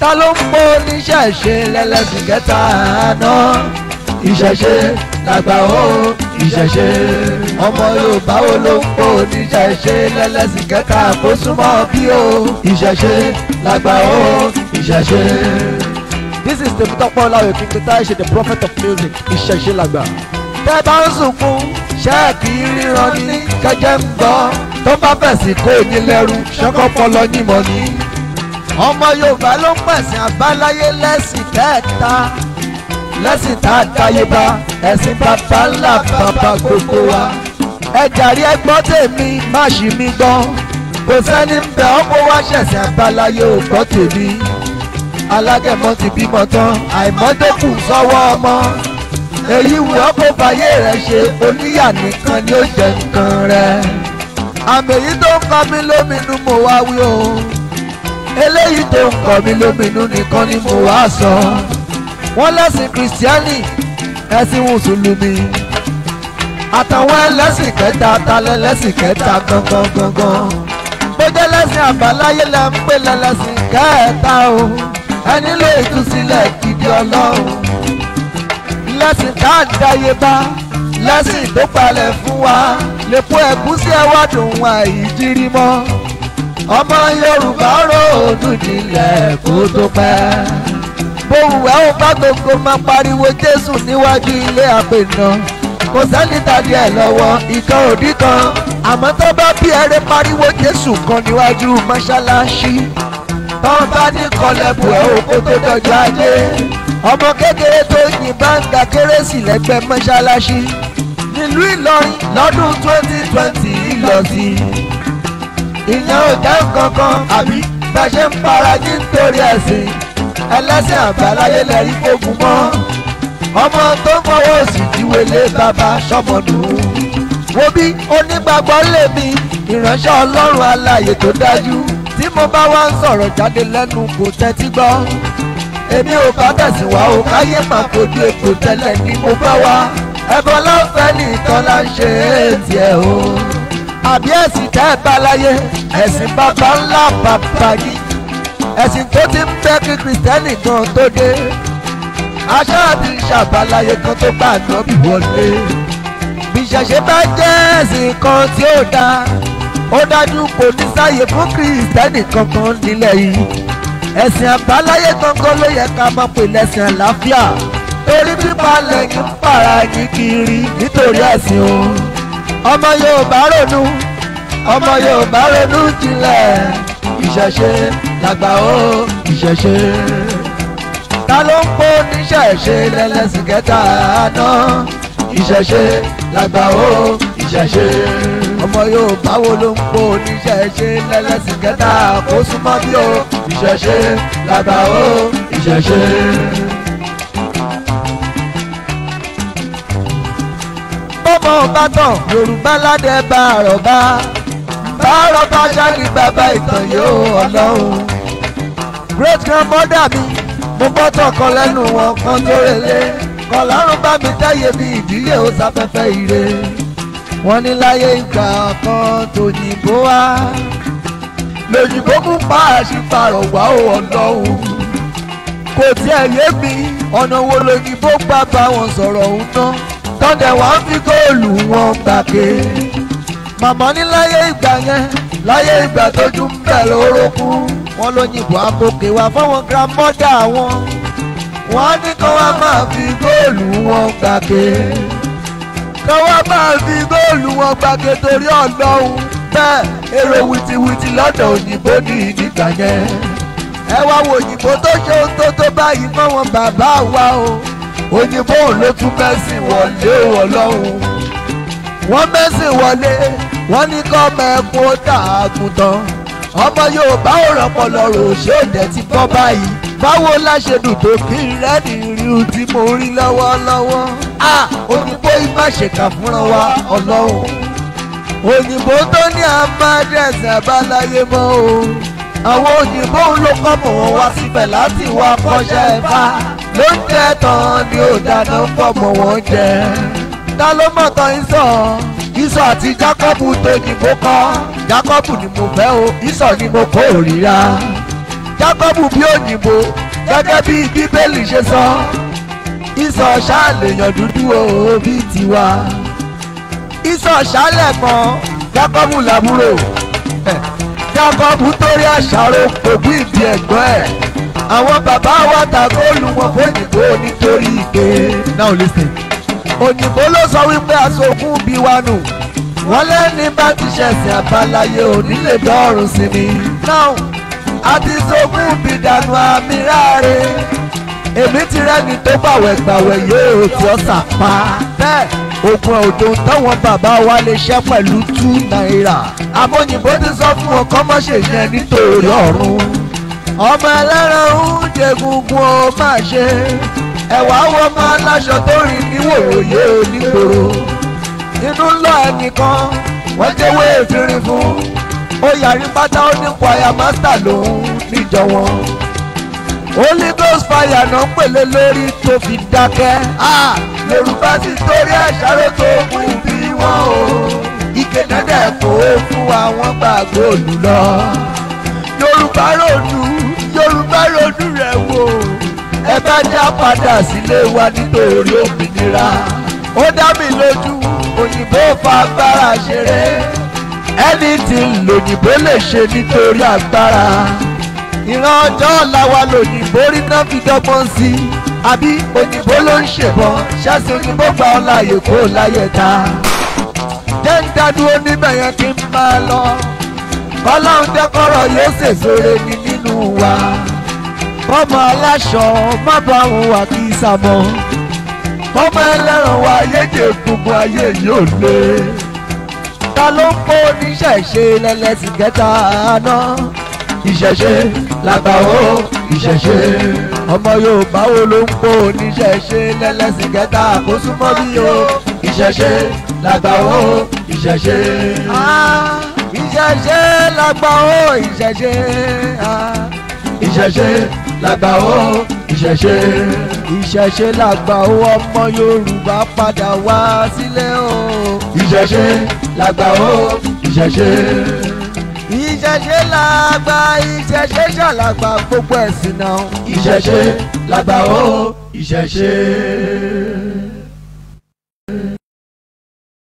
ta ló ń pò níṣẹ̀ṣe lẹ́lẹ́sìn kẹta náà ìṣẹ̀ṣe làgbà ó ìṣẹ̀ṣe ọmọ Yorùbá wo ló ń pò níṣẹ̀ṣe lẹ́lẹ́sìn kẹta kó súnmọ́ bí ó ìṣẹ̀ṣe làgbà ó ìṣẹ̀ṣe. This is Tèmítọ́pọ̀ Ọláwẹ̀ King Peter ṣe the prophet of music ìṣẹ̀ṣe làgbà. tẹ́ bá ń sunkún ṣẹ́ẹ̀kì ríran ní kẹjẹ ń gbọ́ tó bá fẹ̀sìn kó yín lẹ́rú ṣẹ́kọ́ pọlọ yín mọ́ ni ọmọ Yorùbá ló ń pẹ̀sìn àbáláyé lẹ́sìn kẹta lẹ́sìn tá a tayébá ẹ̀sìn bàbá ńlá bàbá gbogbo wa ẹ jàre ẹ gbọ́ tèmi má ṣì mí gbọ́ kò sẹ́ni ń bẹ ọmọ wa ṣẹ̀sìn àbáláyé ò gbọ́ tèmi alágẹ̀mọ́ ti bímọ tán àìmọ́dékù sọ́wọ́ ọmọ èyí wù ọ́ kó fàyè rẹ̀ ṣe oníyà nìkan ni ó jẹ nǹkan rẹ̀ àmì èyí tó ń fa mi lóminú mo wá wí o eléyìí tó ń kọ̀ mí lóminú nìkan ni mo wá sọ wọ́n lẹ́sìn kìrìsìtẹ́nì ẹ̀sìn mùsùlùmí àtàwọn ẹlẹ́sìn kẹta atalẹ̀ lẹ́sìn kẹta gangan gangan bó jẹ́ lẹ́sìn àbáláyé lẹ́ ń pè lẹ́lẹ́sìn kẹta o ẹni lè tú sílẹ̀ gidi ọlọ́run lẹ́sìn tá à ń dáyé bá lẹ́sìn tó palẹ̀ fún wa lè kó ẹ̀gúsí ẹwà dùn àìjírí mọ́ ọmọ Yorùbá ròdù dilẹ̀ kó tó pẹ́. bóun ẹ ò bá gbogbo máa pariwo Jésù níwájú ilé àpènà kò sẹ́ni tàbí ẹ̀ lọ́wọ́ ìkan òdì kan àmọ́ tó bá bí ẹrẹ́ pariwo Jésù kan níwájú mọ́ṣáláṣí tọ́wọ́n bá ní kọlẹ́bù ẹ̀ ò kó tó dọjọ́ ajé ọmọ kékeré tó yìn bá ń ga kérésì lẹ́gbẹ́ mọ́ṣáláṣí nílùú Ìlọrin lọ́dún twenty twenty ìyẹn ò já kankan àbí bá ṣe ń parají nítorí ẹ̀sìn ẹlẹ́sìn àbáláyé lẹ́rí gbógun mọ́ ọmọ tó ń fọwọ́ sí ìwélé bàbá sọmọdù wo bí onígbàgbọ́ lèmi ìránṣẹ́ ọlọ́run alààyè tó dájú tí mo bá wá ń sọ̀rọ̀ jáde lẹ́nu kò tẹ́tí gbọ́ èmi ò bá tẹ̀sí wá o káyé máa kojú epo tẹ́lẹ̀ ni mo bá wá ẹ̀bọ̀n láǹfẹ́ nìkan la ń ṣe é tiẹ̀ o àbí ẹ̀sìn tẹ́ ẹ bá láyé ẹ̀sìn bàbá ńlá bàbá yìí ẹ̀sìn tó ti ń bẹ́ kí kìrìsìtẹ́nì kan tó dé aṣáàbí ṣàbáláyé kan tó gbà náà bí wọlé bí ṣẹ̀ṣẹ̀ bá jẹ́ ẹ̀sìn kan tí ó dáa ó dájú kò ní sáyè fún kìrìsìtẹ́nì kankan nílẹ̀ yìí ẹ̀sìn àbáláyé kankan ló yẹ ká máa pè lẹ́sìn àlàáfíà torí pípa lẹ́yìn pààrà yìí kiri nítorí ẹ̀sìn òun ọmọ Yorùbá ronú ọmọ Yorùbá ronú jinlẹ̀ ìṣẹ̀ṣe làgbà ó ìṣẹ̀ṣe. ta ló ń pò níṣẹ̀ṣe lẹ́lẹ́sìn kẹta àná ìṣẹ̀ṣe làgbà ó ìṣẹ̀ṣe. ọmọ Yorùbá wo ló ń pò níṣẹ̀ṣe lẹ́lẹ́sìn kẹta kó súnmọ́ bí ó ìṣẹ̀ṣe làgbà ó ìṣẹ̀ṣe. ọmọ bàtàn yorùbá ládẹ bàárọ̀ bá bàárọ̀ bá ṣáàkì bàbá ìtàn yóò ọlọ́run. great grandmother mi mo gbọ́tọ̀ kan lẹ́nu wọn kan tó relé kan lárùn bá mi tẹ́yẹ bí ìdílé ó sáfẹ́fẹ́ ire wọ́n ní láyé ìgbà kan tòyìnbó wá lòyìnbó mú pa àṣìparọ̀ wá ó ọlọ́run kò tiẹ̀ yé mi ọ̀nà wo lòyìnbó gbà bá wọn sọ̀rọ̀ òun náà tọ́dẹ̀ wá fi góòlù wọn gbàgbé màmá ní láyé ìgbà yẹn láyé ìgbà tójú ń bẹ̀ lórókún wọn ló yìnbọn àkókè wá fáwọn grandmọ́dà wọn wọn á ní kọ́ wá máa fi góòlù wọn gbàgbé kọ́ wá máa fi góòlù wọn gbàgbé torí ọlọ́run bẹ́ẹ̀ èrò wìtìwìtì lọ́dọ̀ òyìnbó ní ìdìgbà yẹn ẹ wá wo òyìnbó tó ṣe ohun tó tó báyìí mọ́ bàbá wa o òyìnbó ló tún mẹ́sìn wọlé ọlọ́run wọ́n mẹ́sìn wọlé wọ́n ní kọ́ mẹ́kún ó dà àgùntàn ọmọ Yorùbá ò rọpò lọ́rùn òṣè òdẹ ti bọ́ báyìí báwo la ṣe dùn tó kí n rẹ́ni ríru tí mo rí lọ́wọ́lọ́wọ́ a òyìnbó ibà ṣèkà fúnra wa ọlọ́run òyìnbó tó ní àmàdẹ́sẹ̀ àbáláyé mọ́ o àwọn òyìnbó ń lo kọ́mọ̀ wọn wá síbẹ̀ láti wá kọ́ṣẹ́ ẹ̀ ló ń jẹ́ tán ni ó dáná fọmọ wọn jẹ ta ló mọ̀ tán ìsọ̀ ìsọ̀ àti Jákọ́bù tó ni mo kọ́ Jákọ́bù ni mo fẹ́ o ìsọ̀ ni mo kórìíra Jákọ́bù bí òyìnbó gẹ́gẹ́ bí Bíbélì ṣe sọ ìsọ̀ ṣáàlèyàn dúdú o bí tiwa ìsọ̀ ṣáàlẹ̀ kan Jákọ́bù làbúrò Jákọ́bù torí àṣàrò òbí ìdí ẹ̀gbẹ́ àwọn bàbá wa tàbí olùwọ̀n fóyìnbó nítorí ìpè. now listen. òyìnbó ló sọ wípé aṣòkun bí wa nù wọ́n lẹ́ni bá ti ṣẹ̀sìn àbáláyé òní lè dọ́rùn sí mi. now àti sókun bí dànù àmì ráre èmi ti rẹ́ni tó bàwẹ̀ gbàwẹ̀ yóò tí ó sàpá. bẹ́ẹ̀ ogun òdo táwọn bàbá wa lè ṣẹ́ pẹ̀lú two naira. àmọ́ òyìnbó ti sọ fún ọkọ mọ́ṣẹ́ yẹn nítorí ọ̀run ọmọ ẹlẹ́ran ń jẹgungun ọ máa ṣe ẹ̀wà wọ́n máa láṣọ tó rìn níwòye onígboro inú ńlá ẹnìkan wọ́n jẹ́wé ìfìrín fún ó yàrí pátá ó ní kwaya master lòun níjọ wọn holy ghost fire náà pèlè lórí tó fi dákẹ́ yorùbá sì torí àṣàrò tó kún bí wọn o ike dẹ́dẹ́ kò fún àwọn gbàgbé òlù lọ yorùbá ròdù yorùbá ronú rẹ̀ wò ẹ bá já padà sílé wa nítorí òmìnira ó dá mi lójú òyìnbó fa agbára ṣeré ẹni tí lòyìnbó lè ṣe nítorí agbára ìran ọjọ́ ọ̀la wa lòyìnbó rí náà fi dọ́gbọ́n sí i àbí òyìnbó ló ń ṣèbọn ṣáṣe òyìnbó gba ọ̀la èkó láyé ta jẹ́ ń dádúró níbẹ̀ yẹn kí n máa lọ kọ́lọ́hún dẹ́kọ̀rọ̀ yóò ṣèṣore ní nínú wa kọ́mọ aláṣọ má bá òun wà kí sàmọ́ kọ́mọ ẹlẹ́ràn wa yéje gbogbo ayé yóò lé ta ló ń kó oníṣẹ̀ṣe lẹ́lẹ́sìn kẹta àná ìṣẹ̀ṣe làgbà ó ìṣẹ̀ṣe. ọmọ Yorùbá wo ló ń kó oníṣẹ̀ṣe lẹ́lẹ́sìn kẹta kó súnmọ́ bí o ìṣẹ̀ṣe làgbà ìṣẹ̀ṣe ìṣẹ̀ṣe lágbà ó ìṣẹ̀ṣe ìṣẹ̀ṣe lágbà ó ìṣẹ̀ṣe. ìṣẹ̀ṣe lágbà ó ọmọ Yorùbá padà wá sílẹ̀ o. ìṣẹ̀ṣe lágbà ó ìṣẹ̀ṣe. ìṣẹ̀ṣe lágbà ìṣẹ̀ṣe ṣàlàgbà gbogbo ẹ̀sìn náà. ìṣẹ̀ṣe lágbà ó ìṣẹ̀ṣe.